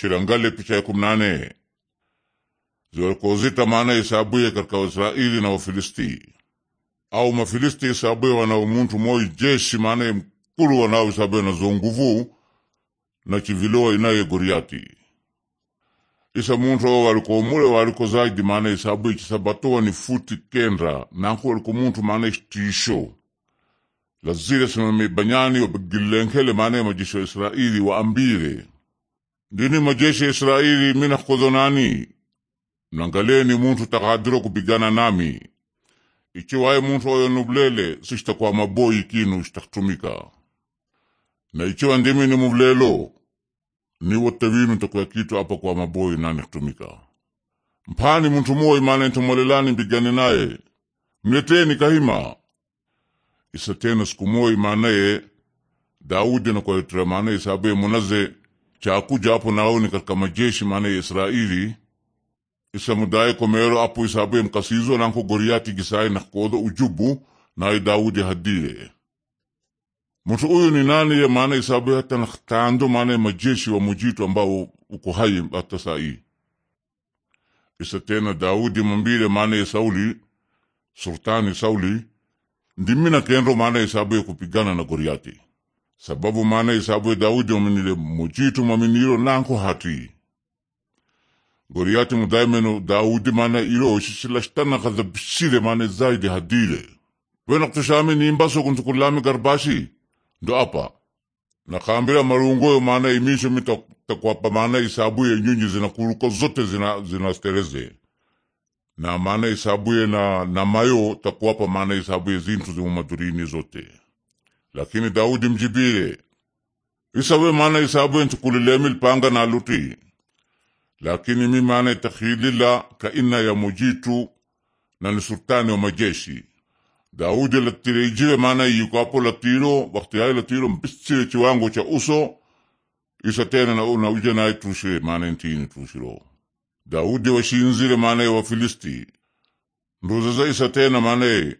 Chilangale picha ya kumi na nane ziwalikozita maana isabuye katika Waisraeli na Wafilisti au Mafilisti isabuye wanao muntu moi jeshi maana mkulu wanao isabuye na zonguvu na chiviloa inaye goriati isa muntu ao walikomule zaidi maana isabuye chisabatowa ni futi kendra nanku muntu maana istisho lazire simami banyani wabegilenkele maana majeshi ya Israeli waambire ndini majeshi ya Israeli minakodho mnangaleni mlangaleni muntu takadiro kupigana nami ichiwaye muntu oyo nubulele sishtakwa maboyi kinu shitakutumika na ichiwa ndimi ni mubulelo niwotte vinu takuya kitu apa kwa maboyi nani kutumika mpani muntu moyi mana ntumolelani mpigane naye mleteni kahima isa tena siku moyi manaye Daudi nakwayetera mana isabe munaze chakuja apo naoni katika majeshi maana ya Israeli isamudaye komero apo isabuye mkasizo nanko gisai na nakodo ujubu naye Daudi hadire mtu uyu ni nani ye maana isabu hata nakatando maana ya majeshi wa mujitu ambao uko hai hata sai isa tena Daudi mambire maana ya Sauli sultani Sauli na kendo maana isabuye kupigana na Goriati sababu mana isabu daudi ominile mujitu maminilo nanko hati goriyati mudaimenu daudi mana ilo osisilashtana kada bisile mana zaidi hadile wenaktushami nimbaso kuntukulami garbashi ndo apa nakambila marungoyo mana imisho mitakwapa mana isabuye zina kuruko zote zina, zina stereze na mana isabuye na, na mayo takwapa mana isabuye zintu zimumadurini zote lakini Daudi mjibie isawe mana isabu lemil panga na luti lakini mi mana itakhilila kaina ya mujitu na ni sultani wa majeshi Daudi latileijiwe mana iyukapo tiro wakati hai tiro mbisire chiwango cha uso isa tena na uja naye tushire mana intini tushiro Daudi washinzire mana ya Wafilisti nduzaza isa tena mana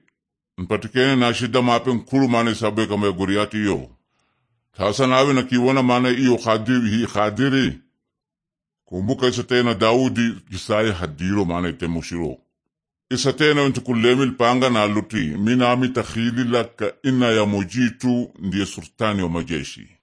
Mpatikene na shida mape nkulu mane sabu kama ya guriati yo. Sasa nawe nakiona maana hiyo kadiri, kadiri. Kumbuka isa tena Daudi jisaye hadiro maana itemushiro. Isa tena kulemi lpanga na luti. Minami takhili laka ina ya mojitu ndiye sultani wa majeshi.